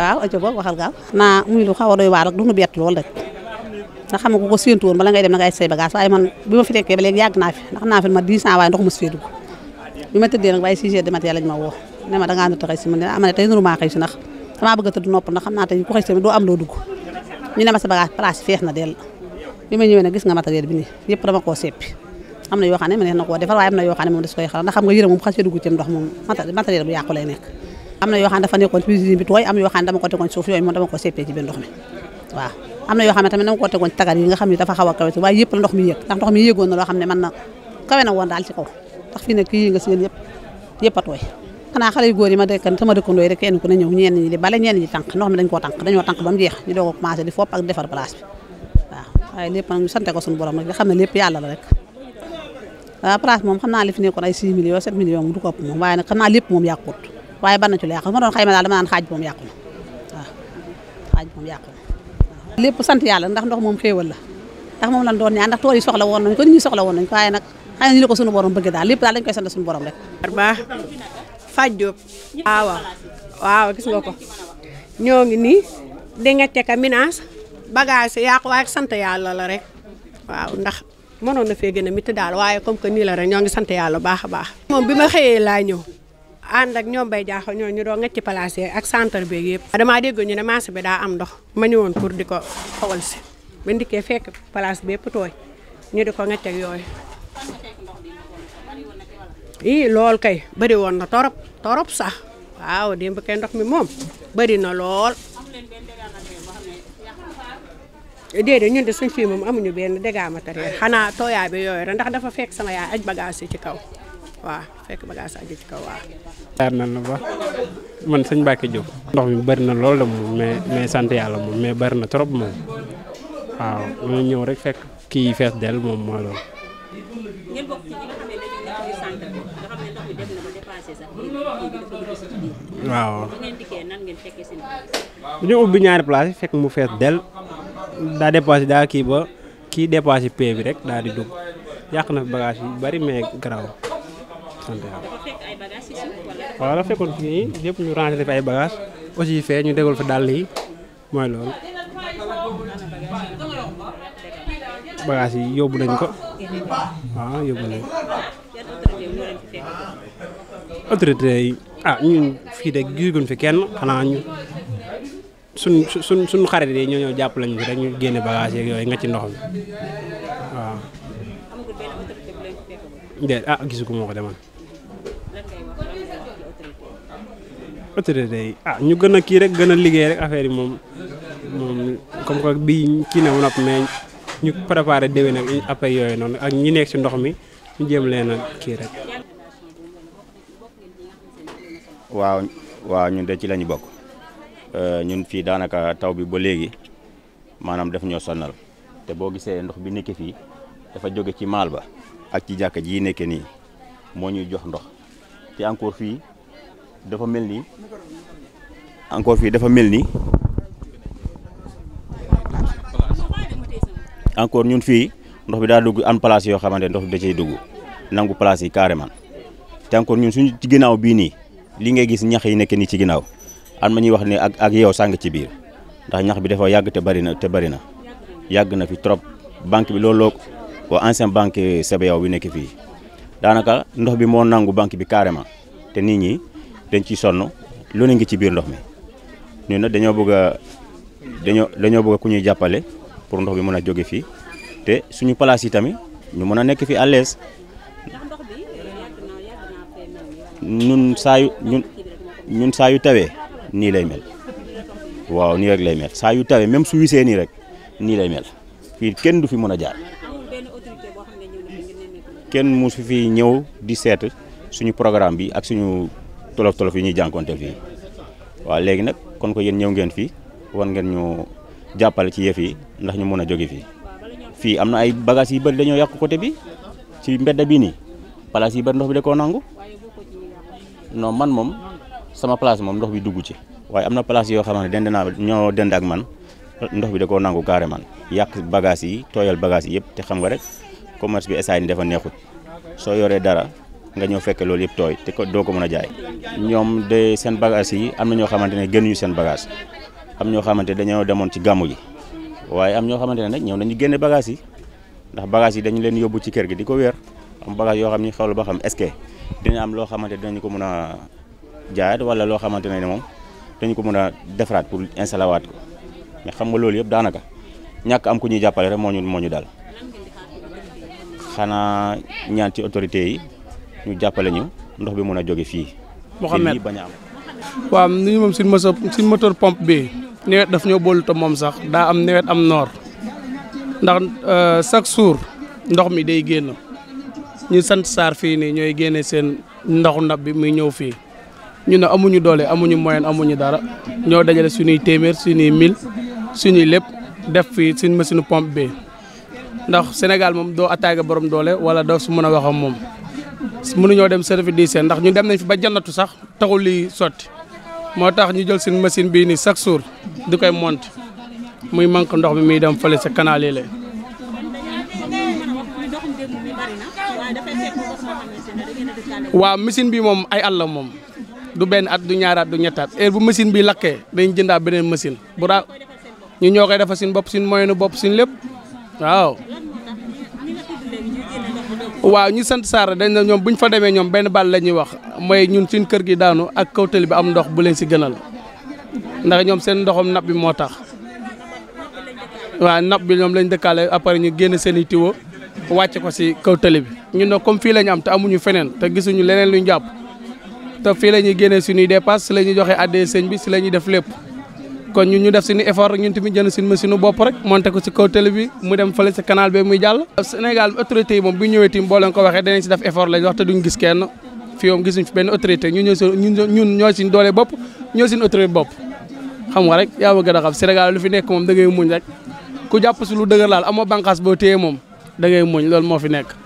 waaw aco boobu waxal gaaw naa a doy waar rek du lool rek ndax xam nga ku ko séentu woon bala dem na ngay say bagage waaye ma fi nekkee ba léegi yàgg naa fi ndax naa fi ma 10 ans waaye ndox ma tëddee nag ma woo ne ah, a na dell na na koo na yoo bu yàqu lay am na yoo xam ne dafa nekkoon cuisine bi tooy am na yoo xam ne dama ko tegoon suuf yooyu moom dama ko seppee ci biir ndox mi waaw am na yoo xam ne tamit dama ko tegoon tagar yi nga xam ne dafa xaw a kawe waaye yëpp la ndox mi yëg ndax ndox mi yëgoon na loo xam ne mën na kawe na woon daal ci kaw ndax fii nekk yi nga seen yëpp yëpp a tooy xanaa xale yu góor yi ma dëkkan sama dëkkandoo yi rek kenn ku ne ñëw ñenn ñi di bale ñenn ñi tànk ndox mi dañ koo tànk dañoo tànk ba mu jeex ñu doog a commencé di fopp ak defar place bi waaw waaye lépp nag ñu sante ko suñu borom rek nga xam ne lépp yàlla la rek waaw place moom xam naa li fi nekkoon ay 6 millions 7 millions mu du ko ëpp moom waaye nag xam naa lépp moom yàqut waaye ban na ci yàqu ma doon xayma daal dama naan xaaj moom yàqu na waaw xaaj moom lépp sant yàlla ndax ndox moom xéewal la ndax moom la doon ñaan ndax tool yi soxla woon nañ ko nit soxla woon nañ ko waaye na ñu la ko sunu borom bëgg daal lépp daal dañ koy sant sunu borom rek baax faj ko ñoo ngi nii di nga teg a menace bagage yàqu waaye sant yàlla la rek waaw ndax mënoon na fee gën a mitt daal waaye comme que nii la rek ñoo ngi sant yàlla baax a baax moom bi ma xëyee laa ñëw ànd ak ñoom bay jaaxal ñoo ñu doo nga ci placé ak centre bee yëpp. damaa dégg ñu ne marché bi daa am ndox ma ñëwoon pour di ko xawal si ba ndikkee fekk place bi yëpp ñu di ko nga teg yooyu. ii lool kay bëri woon na torop torop sax waaw démb kay ndox mi moom bari na lool. déedéet ñu de suñ fii moom amuñu benn dégâts matériels xanaa tooyaa bi yooyu rek ndax dafa fekk sama yaay aj bagage yi ci kaw. waaw fekk bagage àgg ci kaw waaw. man sëñ Mbacke Diop. ndox mi bëri na lool de moom mais mais sant yàlla moom mais bëri na trop moom waaw ñu ñëw rek fekk kii fees del moom bu ñu ubbi ñaari place yi fekk mu fees del daa dépassé daa kii ba kii dépassé pay bi rek daa di dugg yàq na fi bagage yu bari mais garaaw. sant waaw dafa fekkoon fii lépp ñu rangé fi ay bagages aussi fee ñu déglu fa dàll yi mooy loolu. bagages yi yóbbu nañ ko waaw yi ah ñun fii de gisuguñ fi kenn xanaa ñu suñ suñ suñ xarit yi ñoo ñëw jàpp lañu fi rek ñu génne bagages yooyu nga ci ndox mi waaw. déet ah gisu ko moo ko demoon. autorité yi ah ñu gën a kii rek gën a liggéey rek affaire yi moom moom comme que bii kii na mu nopp ñu préparé déwén nag yooyu noonu ak ñu nekk ci ndox mi ñu jéem leen a kii rek. waaw waaw ñun de ci lañu ñu bokk euh, ñun fii daanaka taw bi ba léegi maanaam daf ñoo sonal te boo gisee ndox bi nekk fii dafa jóge ci maal ba ak ci jàkka ji yi nii moo ñuy jox ndox te encore fii. dafa mel ni encore fii dafa mel ni encore ñun fii ndox bi daa dugg an place yoo xamante ndox bi da cay dugg nangu place yi carrément te encore ñun suñu ci ginnaaw bii nii li ngay gis ñax yi nekk nii ci ginnaaw am na ñuy wax ne ak ak yow sàng ci biir ndax ñax bi dafa yàgg te bari na te bari na yàgg na fi trop banque bi looloo waa ancien banque CBAO bi nekk fii daanaka ndox bi moo nangu banque bi carrément te nit ñi dañ ci sonn lu ne ngi ci biir ndox mi ñun nag dañoo bëgg dañoo dañoo bëgg ku ñuy jàppale pour ndox bi mën a jóge fii te suñu place yi tamit ñu mën a nekk fii à l'aise ñun saa yu ñun saa yu tawee nii lay mel waaw nii rek lay mel saa yu tawee même su wisee nii rek nii lay mel fii kenn du fi mën a jaar kenn mu su fi ñëw di seet suñu programme bi ak suñu tolof tolof yi ñuy jànkonteel fii waaw léegi nag kon ko yéen ñëw ngeen fii wan ngeen ñu jàppale ci yëf yi ndax ñu mën a joge fii fii am na ay bagages yi bëri dañoo yàqu côté bi ci mbedd bii nii place yi bëri ndox bi da koo nangu non man moom sama place moom ndox bi dugg ci waaye am na place yoo xam ne dend naa ñoo dend ak man ndox bi da koo nangu man yàq bagages yi tooyal bagages yi yëpp te xam nga rek commerce bi essayé ni dafa neexut nga ñëw fekk loolu yëpp tooy te ko doo ko mën a jaay ñoom de seen bagage yi am na ñoo xamante ne génnuñu seen bagage am ñoo xamante dañoo demoon ci gàmmu gi waaye am ñoo xamante ne nag ñëw nañu génne bagage yi ndax bagage yi dañu leen yóbbu ci kër gi di ko wéer am bagage yoo xam ni xawlu ba xam est-ce que dina am loo xamante dinañu ko mën a jaayaat wala loo xamante ne moom dañu ko mën a defaraat pour installé waat ko mais xam nga loolu yëpp daanaka ñàkk am ku ñuy jàppale rek moo ñu moo ñu dal xanaa ñaanti ci autorité yi ñu jàppale ñu ndox bi mën a jóge fii. Mouhamed fii bañ a suñ moteur suñ moteur pompe bi nawet daf ñoo boolu te moom sax daa am nawet am noor ndax euh, chaque jour ndox mi day génn ñu sant saar fii nii ñooy génne seen ndoxu ndab bi muy ñëw fii ñu ne amuñu doole amuñu moyen amuñu dara ñoo dajale suñuy téeméer suñuy mil suñuy lépp def fii suñ masinu pompe bi ndax senegal moom doo attaqué borom doole wala doo su mën a wax ak moom. mënuñoo dem certifié ndax ñu dem nañ fi ba jannatu sax taxul lii sotti moo tax ñu jël seen machine bii nii chaque jour di koy mont muy manque ndox mi muy dem fële sa canal yi la waaw bi moom ay at moom du benn at du ñaari at du ñetti at bu machine bi lakkee dañ jëndaa beneen machine bu ñu ñoo koy defar suñu bopp suñu moyenu bopp suñu lépp waaw waaw ñu sant Saara dañ na ñoom bu ñu fa demee ñoom benn baal la wax mooy ñun suñ kër gi daanu ak kawtali bi am ndox bu leen si gënal ndax ñoom seen ndoxam nab bi moo tax waaw napp bi ñoom lañ dëkkaale après ñu génn seen i tiwo wàcce ko si kawtali bi ñun nag comme fii la ñu am te amuñu feneen te gisuñu leneen luñ jàpp te fii la ñuy génnee suñuy dépasse si la ñuy joxe addee sëñ bi si la ñuy def lépp kon ñun ñu def suñu effort rek ñun tamit jënd suñu machine bopp rek monté ko ci kaw télé mu dem fële ci canal bi muy Sénégal autorité moom bu ñëwee tamit boo leen ko waxee danañ ci def effort lañ wax te duñ gis kenn fii moom fi benn autorité ñun ñoo si ñun ñoo si doole bopp ñoo si autorité bopp. xam nga rek yaa ma gën a xam Sénégal lu fi nekk moom da ngay muñ rek ku jàpp si lu dëgër laal amoo bànqaas boo téye moom da ngay muñ loolu moo fi nekk.